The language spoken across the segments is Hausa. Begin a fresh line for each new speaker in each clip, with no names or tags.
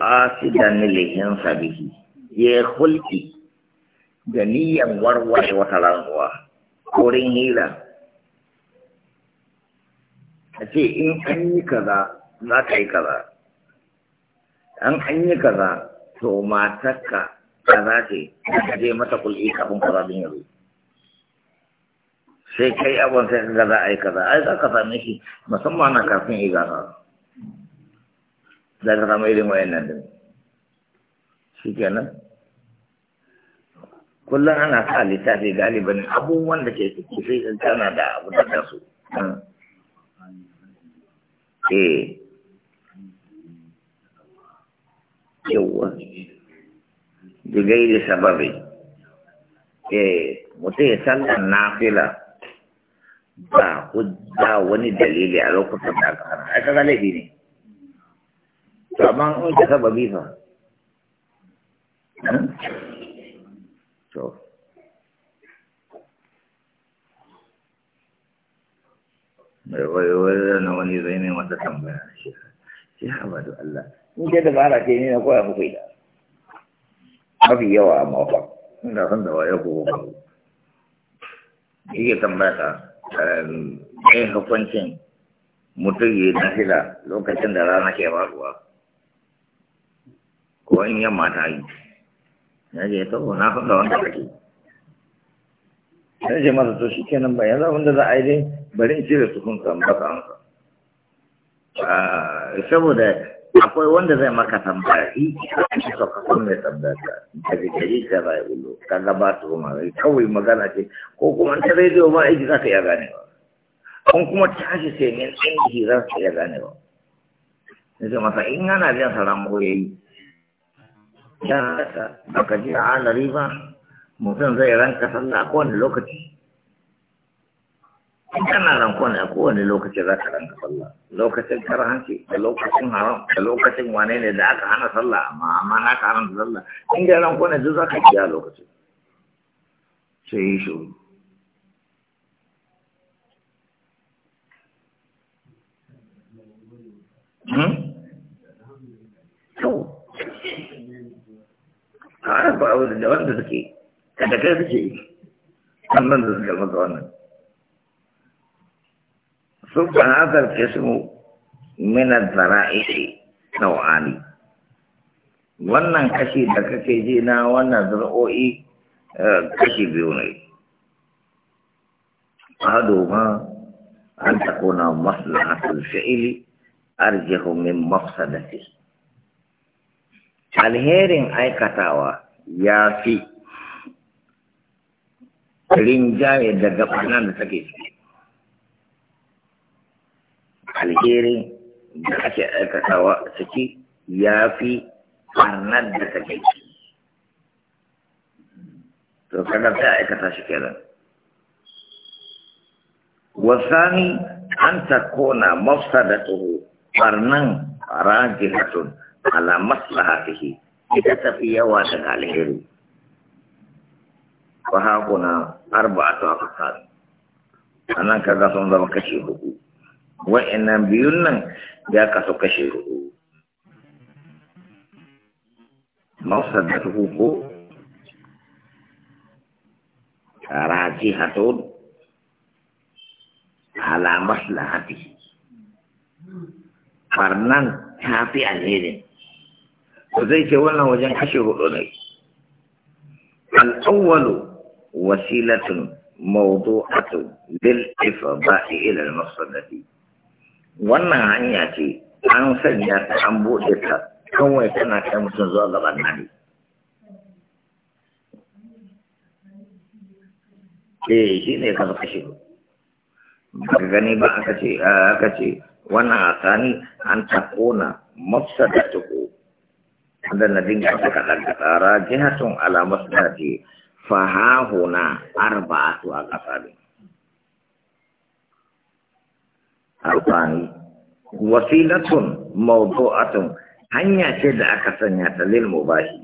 asidan lihin sabihi ya hulki da niyan warware wata rantsuwa wurin hira a ce in an yi kaza za ka yi kaza an an yi kaza to matakka kaza ce ka je mata kul'i kafin kaza din yanzu sai kai abin sai ka za a yi kaza ai za ka same shi musamman na kafin igana za ka samu irin wayannan din shi kullum ana sa littafi galiban abubuwan da ke ciki sai in tana da abu da ta su hmm. eh yawwa bigairi sababi eh mutum ya sallan nafila ba wani dalili a lokutan da aka hana ne to amma in ka saba bifa hmm? to wai na wani zai ne wata tambaya shi shi haɓa da Allah in aku yang ce ne na ya muku ita mafi yawa a mafa ina son da waye ko ba yake tambaya ka eh hukuncin mutum yi nafila lokacin da rana ke faruwa ko in yamma ta yi na je to na faɗa wanda kake sai je masa to shi kenan ba yanzu abinda za a yi dai bari in cire tukun kan baka amsa ah, saboda akwai wanda zai maka tambaya shi shi sauka kun mai tambaya ka daga ji ka ba ya ulo ka gaba su kuma kawai magana ce ko kuma ta rediyo ba aiki za ka iya gane ba kun kuma tashi sai min ɗin hira za ka iya gane ba. Nisa masa in yana biyan saran ko ya yi ya haka aka ji a halari ba mutum zai ranka sallah a kowane lokaci in kana ne a kowane lokaci za ka ranka sallah lokacin karhanci da lokacin haram da lokacin wane ne da aka hana sallah amma amma na ka haramta sallah in ga ne duk za ka kiya lokacin sai yi shuru Hmm? a ba da wanda suke kada kai suke yi annan da suke masa wannan sun ba hazar kismu minan zara'i'i nau'ani wannan kashi da kake ji na wannan zar'o'i eh, kashi biyu ne ma أحدهما أن تكون مصلحة الفعل أرجح من مفسدته alherin aikatawa ya fi rinjaye daga ɓarnar da take ciki alherin da ake aikatawa ciki ya fi ɓarnar da take ciki to kada sai aikata shi kenan wasani an takona mafsadatuhu rajin hatun ala maslahatihi ita tafi yawa daga alheri wa hakuna arba'atu aqsam anan kaga sun zama kashi hudu wa'annan biyun nan ya kasu kashi hudu mafsadatu ko rajihatun ala maslahatihi farnan tafi alheri to zai ce wannan wajen kashe hudu ne al'awwalu wasilatun mawdu'atu lil ifba'i ila al-masadati wannan hanya ce an sanya ta an bude ta kawai tana kai mutum zuwa gaban nari eh shi ne ka kashe ba gani ba aka ce aka ce wannan asani an takona mafsadatuhu dan dinga kada kata rajihatun ala masdari fa ha huna arba'atu aqabali arba'i wasilatun mawdu'atun hanya ce da aka sanya ta lil mubahi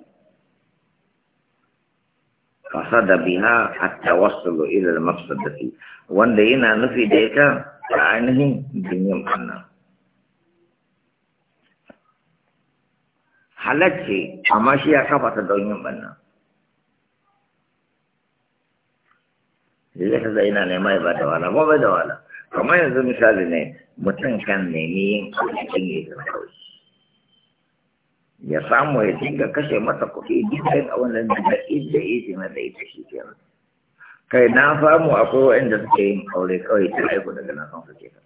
fasada biha hatta wasalu ila al mafsadati wanda yana nufi da ita ta ainihin dinin annabi halacce amma shi ya kafa ta don yin banna zai ka ina nema ya ba da wala ba da wala kamar yanzu misali ne mutum kan nemi yin cikin ya zai kawai ya samu ya dinga kashe masa kuɗi dukkan a wannan da inda ya na da ita shi ke kai na samu akwai waɗanda suke yin aure kawai ta aiko daga nasan sun suke kawai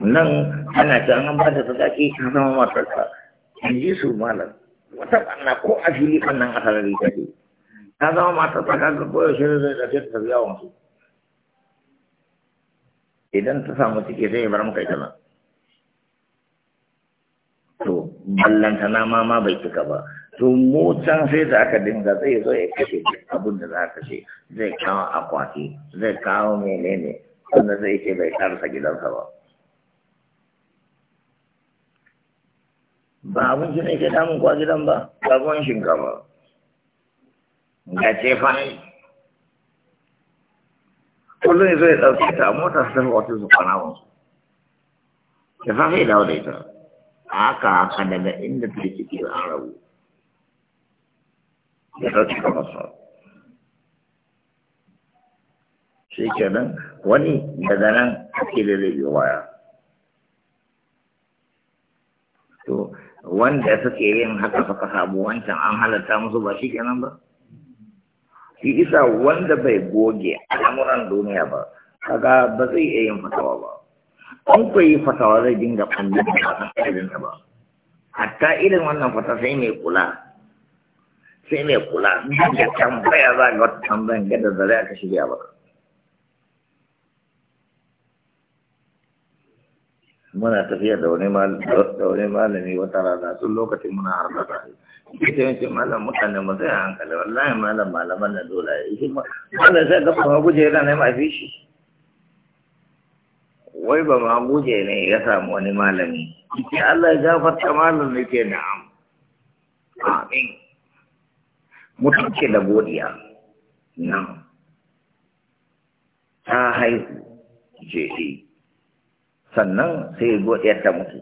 nan ana ta an ba da sadaki ta zama matarka in ji su malam wata ɓanna ko a fili ɓannan a sarari ta ce ta zama matarka ka ga koyaushe zai da ta tafiya wasu idan ta samu cike sai bar maka ita nan to ballanta na ma ma bai cika ba to mu can sai da aka dinga zai zo ya kashe abin da za ka kashe zai kawo akwati zai kawo menene wanda zai ce bai karsa gidansa ba ba abinci ne ke damun kwa gidan ba ga ruwan shinkafa ga ce ne? kullum ya zai ya ɗauke ta mota su tafi wata su kwana wasu ya fafe ya dawo da ita haka haka daga inda ta ciki an rabu ya ɗauke kamar sa shi nan wani daga nan ake da zai waya to wanda suke yin haka suka samu wancan an halatta musu ba shi kenan ba shi isa wanda bai goge al'amuran duniya ba kaga ba zai iya yin fatawa ba an ku yi fatawa zai dinga kallon ba ba hatta irin wannan fata sai mai kula sai mai kula da tambaya za ga wata tambayan gada da a ka shirya ba muna tafiya da wani malami wata rana tun lokacin muna harba tare ita yanci malam mutane mu zai hankali wallahi malam malaman na dole ya yi malam sai gaba ma guje yana nema fi shi wai ba ma guje ne ya samu wani malami ita Allah ya gafarta malam ne ke am amin mutum ce da godiya nan ta haihu je sannan sai godiyar ta mutu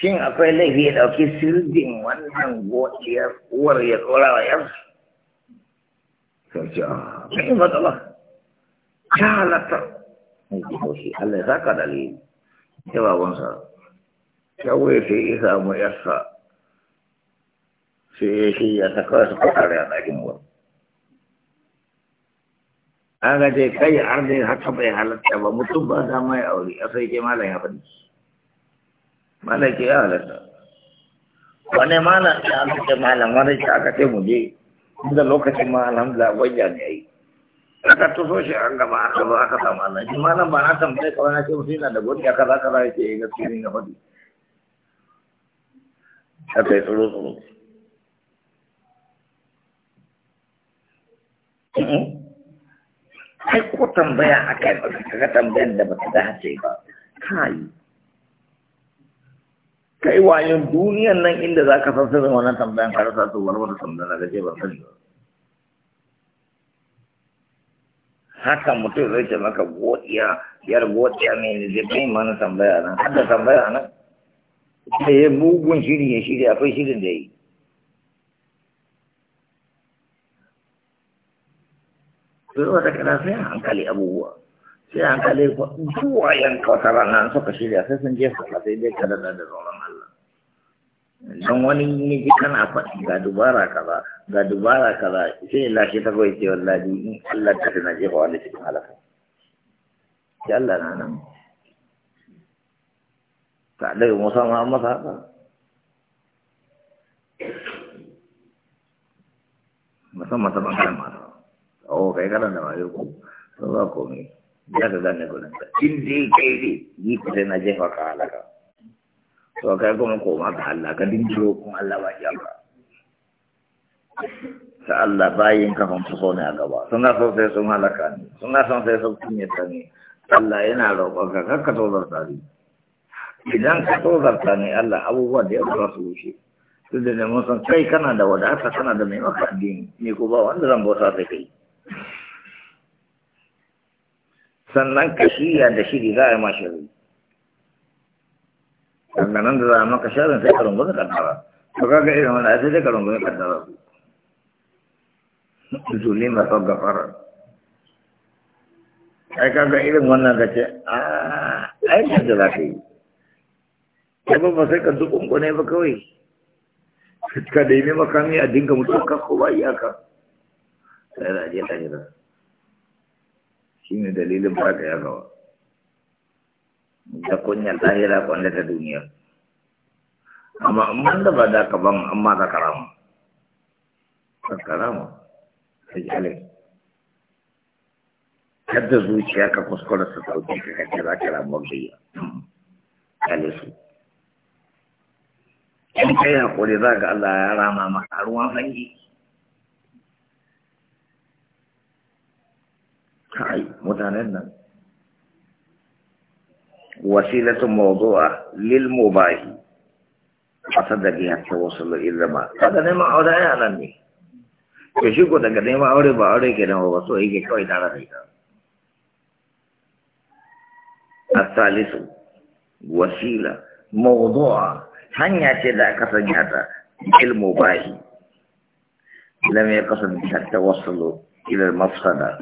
shin akwai laifi ya ɗauki sirgin wannan godiyar uwar ya tsora wa yar sarki a ah, cikin matsala ta halatta mai haushi Allah ya saka dalili ya babansa ya wuce sai isa mu yarsa sai ya shi ya ta kawai su kwatare a ɗakin wani kaga dai kai har dai haka bai halatta ba mutum ba da mai aure a sai ke malam ya faɗi malam ke ya halatta wani malam ya halatta malam wani shi aka ce mu je inda lokacin ma alhamdulillah wajja ne yi aka tuso shi an gaba aka zo aka samu Allah shi malam ba na tambaye kawai na ce mutum yana da godiya kaza kaza ya ce ya gaskiya ne na faɗi aka yi tsoro tsoro kai ko tambaya a kai ba ka tambayar da ba ta dace ba kai kai wayan duniyan nan inda za ka san sanin wannan tambayan ka rasa to wani tambayar da ce ba sani ba haka mutum zai ce maka godiya yar godiya ne ne zai kai mana tambaya nan har tambaya nan sai ya bugun shiri ya shirya akwai shirin da ya yi zuwa da kana sai hankali abubuwa sai hankali zuwa yan kawata rana suka shirya sai sun jefa ka sai dai ka dada da tsoron Allah don wani ne ji kana faɗi ga dubara kaza ga dubara kaza sai lashe ta kawai ce wallahi in Allah ta tana jefa wani cikin halaka sai Allah na nan ta dai musa ma masa haka musamman ta bangaren mata o oh, kai kana da wayo ko to ba komai ya ka gane gurin ka in dai kai dai yi ku sai na jefa ka halaka to kai kuma ma ga Allah ka dinjiro kun Allah ba ya ka ta Allah bayin ka hun so ne a gaba suna son sai sun halaka ne suna son sai sun kunyata ne Allah yana roƙon ka kar ka tozarta ne idan ka tozarta ne Allah abubuwa da yawa za su wuce duk da mun san kai kana da wadata kana da mai maka addini ne ko ba wanda zan bauta sai kai sannan shirya da shiri za a yi ma shiri sannan da za a maka shirin sai ka rungumi kaddara to kaga irin wani sai dai ka rungumi kaddara sau ga fara ai kaga irin wannan ka ce a yi da za ka yi kai ba sai ka dukunkune ba kawai ka daimi makami a dinga mutum kakko ba iyaka sai da je ta jira shi ne dalilin ba ya gawa da kunyar lahira kwanne ta duniya amma amman da ba da ka ban amma ka karama ka karama ta alai kada zuciya ka kuskura su sauke ka kake za ka ramu yi kale su in kai hakuri za ga Allah ya rama maka ruwan hanji kai mutanen nan wasilatu mawdu'a lil mubahi asada biha tawassul ila zama kada neman aure ya nan ne to shi ko daga neman aure ba aure ke nan ba so yake kawai tare da ita asalisu wasila mawdu'a hanya ce da aka sanya ta ilmu bahi lam yaqsad biha tawassul إلى المفسدة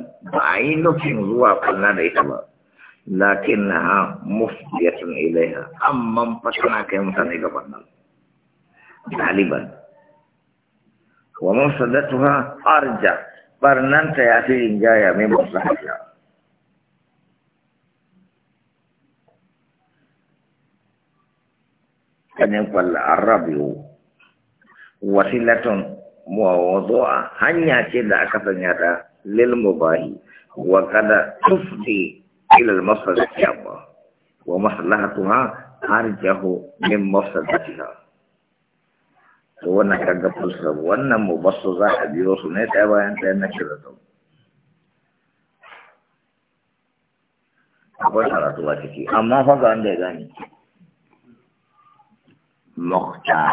في موضوع قلنا ليتما لكنها مفضية إليها أما انفتنا كم سنة قبلنا غالبا ومفسدتها أرجع برنان تياتي إنجايا من مصلحتها كان يقول العربي وسيلة موضوع Wa كده da يدا للمباهي وقد تفضي إلى المصدر الشعب ومصلحتها أرجه من مصلحتها wannan kaga fulsar wannan mu basu za a biyo su ne ɗaya bayan ɗaya na kira da akwai karatu ba ciki amma fa ga wanda ya gani.